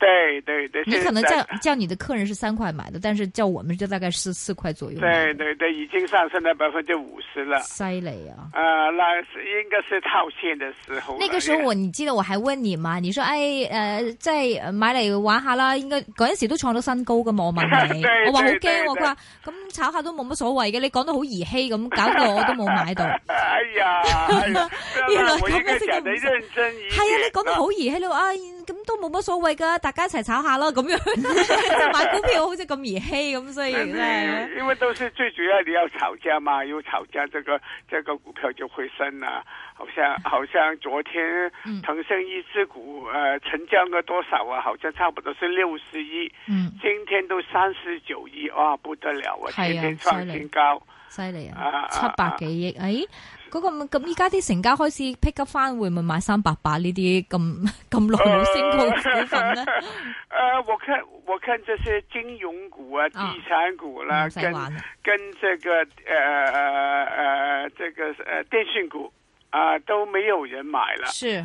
對對對，你可能叫叫你的客人是三塊買的，但是叫我們就大概四四塊左右。對對對，已經上升到百分之五十了。犀利啊！啊、呃，那應該是套現的時候。那個時候我，你記得我還問你嗎？你說哎呃，即係買來玩下啦，應該嗰陣時都創到新高噶。我問你，我話好驚，我佢話咁炒下都冇乜所謂嘅，你講得好兒戲咁，搞到我都冇買到。 哎呀， 原來咁樣式嘅，係 啊，嗯、你講得好兒戲咯啊。哎咁都冇乜所謂噶，大家一齊炒一下咯，咁樣。 就買股票好似咁兒戲咁，所以咧。因為都是最主要你要炒價嘛，有炒價，這個這個股票就會升啦、啊。好像好像昨天騰訊一支股、呃，誒，成交額多少啊？好像差不多是六十億。嗯。今天都三十九億，啊，不得了啊！今係啊，創新高，犀利啊！七百幾億，哎。嗰、那、咁、個，依家啲成交開始 pick up 翻，會唔會買三百八呢啲咁咁耐冇升過嘅股份咧？我看我看這些金融股啊、地產股啦、啊哦，跟跟這個誒誒、呃啊，這個、呃、電訊股啊，都沒有人買啦是。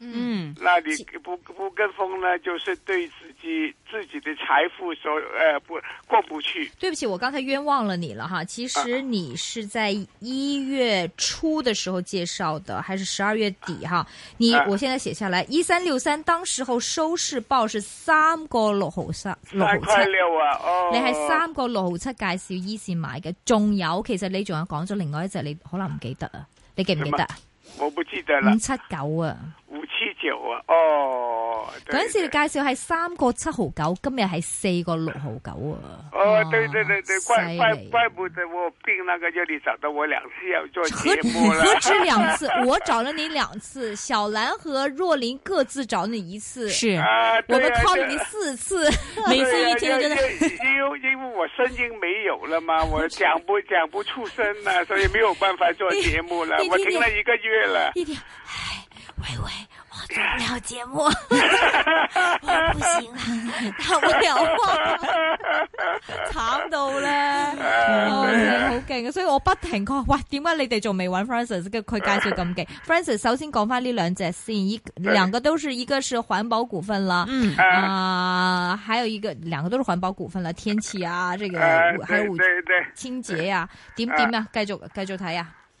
嗯，那你不不跟風呢，就是對自己自己的財富說，哎、呃，不過不去。對不起，我剛才冤枉了你了哈。其實你是在一月初的時候介紹的，啊、還是十二月底哈？你、啊、我現在寫下來，一三六三，當時候收市報是三個六毫三，六毫七啊。哦，你係三個六毫七介紹一線買嘅，仲有，其實你仲有講咗另外一隻，你可能唔記得啊？你記唔記得啊？我不記得了。五七九啊。有啊、哦，嗰陣的，的介紹係三個七毫九，今日係四個六毫九啊！哦，對對對對、啊，怪怪怪不得我病，那個叫你找到我兩次要做節目了。何何止兩次？ 我找了你兩次，小蘭和若琳各自找你一次，是啊，啊，我們 call、啊、你四次，啊、每次一聽覺得，因為、啊啊啊、 因為我聲音沒有了嘛，我講不 講不出聲了、啊，所以沒有辦法做節目了， 我停了一個月了。做不了節目，不行啊，大不了荒啦，慘到咧，好勁啊！Uh, 嗯 uh, uh, 所以我不停講，喂，點解你哋仲未玩 Francis 佢介紹咁勁，uh, Francis 首先講翻呢兩隻先，兩個都是，一個是環保股份啦，嗯啊，還有一個兩個都是環保股份啦，天氣啊，這個，uh, 還有五，uh, 清潔啊，點，uh, 點啊，繼續繼續睇啊！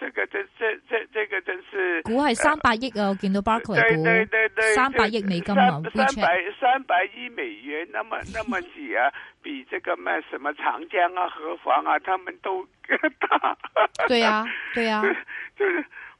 這個真、這這個、這個真、這個就是估係三百億啊！見、呃、我到巴克利對對，對對，三百億美金啊！三百三百億美元，那麼那麼幾啊？ 比這個咩什麼長江啊、河房啊，他們都大、 啊。對呀、啊，對呀，就是。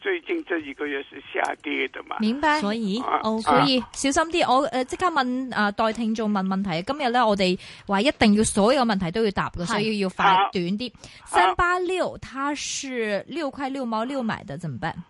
最近這一個月是下跌嘅嘛，明白，所以，哦、所以、哦所以啊、小心啲。我誒即、呃、刻問啊、呃，代聽眾問問題。今日咧，我哋話一定要所有問題都要答嘅，所以要快短啲。三八六，386, 它是六塊六毛六買的，怎麼辦？啊啊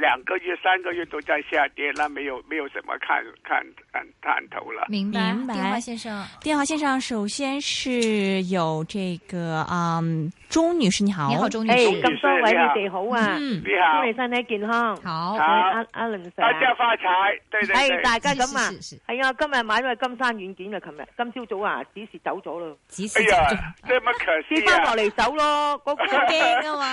兩個月、三個月都在下跌，啦，沒有沒有什麼看、看、看探頭了。明白。電話先生，電話先生，首先是有這個啊、嗯，鍾女士，你好，你好，鍾女士，哎，咁多位，你哋好啊，嗯，你好，祝你身體健康，好，好，阿、啊啊啊、林 Sir、啊哎，大家發財，對哎，大家咁啊，係啊，今日買咗個金山軟件啊，琴日，今朝早啊，只是走咗咯，只是哎呀，這麼強勢啊，跌翻落嚟走咯，嗰個驚啊嘛，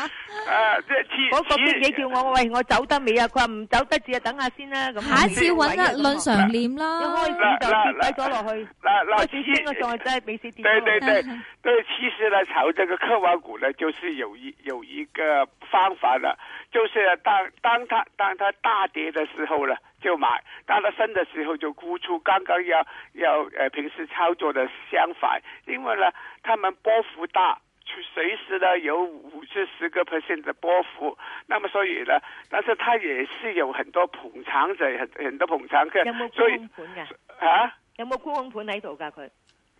啊，即係刺激，嗰、那個經理叫我喂，我走得。啊未啊！佢話唔走得住啊，等下先啦、啊。咁下次揾一藺常念啦。一開始就跌低咗落去，嗱、啊，嗱、啊，先個仲係對對對、啊，對，其實咧炒這個科網股咧，就是有一有一個方法啦，就是、啊、當當他當他大跌的時候咧就買，當它升的時候就沽出。剛剛要要誒、呃，平時操作的相反，因為呢，他們波幅大。隨時呢有五至十個 percent 嘅波幅，那麼所以呢，但是它也是有很多捧場者，很很多捧場嘅。有冇沽空盤嘅？吓、啊，有冇沽空盤喺度噶？佢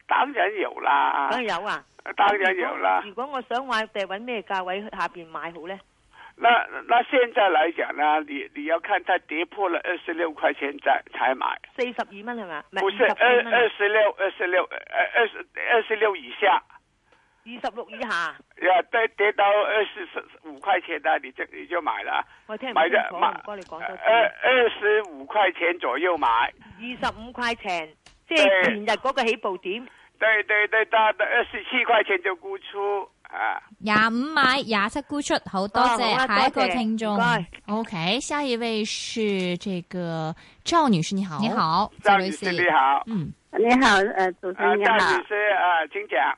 當然有啦。梗係有啊。當然有啦。如果我想話，誒，搵咩價位下邊買好呢？那那現在來講呢，你你要看，它跌破了二十六塊錢再才買。四十二蚊係嘛？唔係，二二十六，二十六，二二二十六以下。嗯二十六以下，呀、啊、跌跌到二十五塊錢啦，你就你就買了，我聽買，買，買，買，二十五塊錢左右買，二十五塊錢，即係前日嗰個起步點，對對對，大到二十七塊錢就沽出啊，廿五買廿七沽出，好、啊、多謝下一個聽眾謝謝，OK，下一位是這個趙女士，你好，你好，趙女士，趙女士你好，嗯，你好，誒、啊，主持人你好、啊，趙女士啊，請講。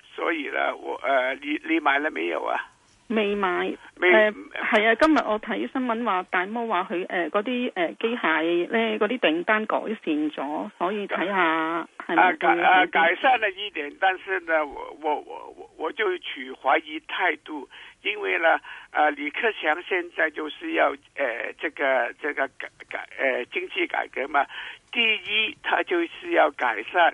所以呢，我誒、呃，你你買了沒有啊？未買。誒，係、呃、啊，今日我睇新聞話，大摩話佢誒嗰啲誒機械咧嗰啲訂單改善咗，所以睇下係咪。啊，啊改啊改善了一點，但是呢，我我我我我就取懷疑態度，因為呢，啊、呃、李克強現在就是要誒、呃、這個這個改改誒、呃、經濟改革嘛，第一，他就是要改善。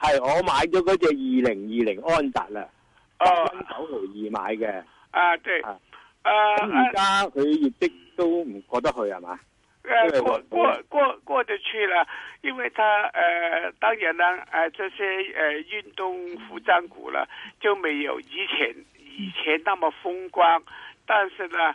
係我買咗嗰隻二零二零安踏啦，八蚊九毫二買嘅。啊，對啊，而家佢業績都唔過得去係嘛？誒、啊啊，過過過過得去啦，因為他誒、呃，當然啦，誒、呃，這些誒運、呃、動服裝股啦，就沒有以前以前那麼風光，但是呢。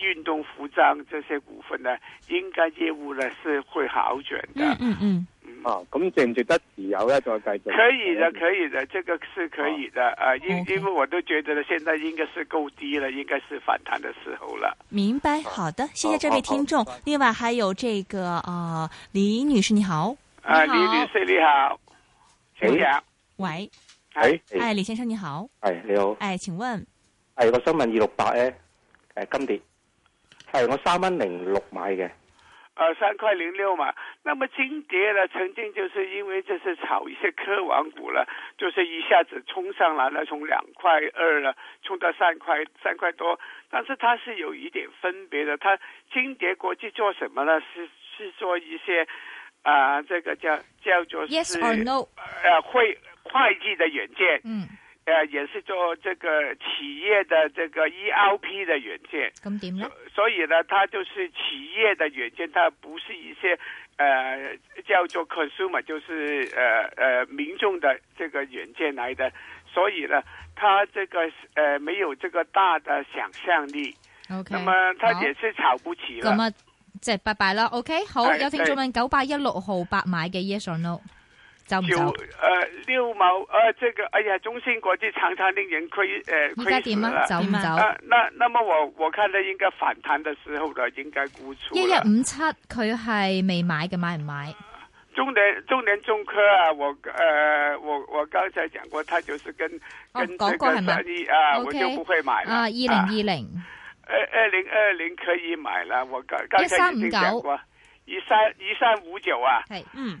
運動服裝這些股份呢，應該業務呢是會好轉的。嗯嗯嗯。哦、嗯，咁值唔值得持有呢？再繼續。可以的，可以的，這個是可以的。啊，啊因為、okay. 因為我都覺得呢，現在應該是夠低了，應該是反彈的時候了。明白，好的，啊、謝謝這位聽眾。啊、好好另外還有這個啊、呃，李女士你好。啊，李女士你好。請講、哎、喂。哎。哎，李先生你好。係、哎、你好。哎，請問。係、哎，我想問二六八誒，誒金蝶。係我三蚊零六買嘅，呃、三塊零六嘛。那麼金蝶呢？曾經就是因為就是炒一些科網股啦，就是一下子衝上來2 2了，從兩塊二啦，衝到三塊三塊多。但是它是有一點分別的，它金蝶國際做什麼呢？是是做一些啊、呃，這個叫叫做是、yes or no? 呃、會會計的軟件。嗯。呃，也是做這個企業的這個 ERP 的軟件。咁點咧？所以呢，它就是企業的軟件，它不是一些呃叫做 consumer，就是呃呃民眾的這個軟件來的。所以呢，它這個呃沒有這個大的想象力。O K.，咁它也是炒不起。咁啊，即係拜拜啦。O、okay? K.，好，有請座問九八一六號八買嘅 Yes or no?。九唔誒，六、呃、毛，誒、呃，這個，哎呀，中芯國際常常令人虧，誒、呃，虧啦、啊，走唔走？啊，那那麼我，我看咧應該反彈的時候咧，應該沽出一一五七，佢係未買嘅，買唔買？中、啊、鼎，中鼎，中，年中科啊，我誒、呃，我我剛才講過，佢就是跟、哦、跟這個生意啊，是是啊 okay，我就不會買啦、uh。啊，二零二零，二二零二零可以買了，我剛剛才已經講過，一三一三五九啊，係嗯。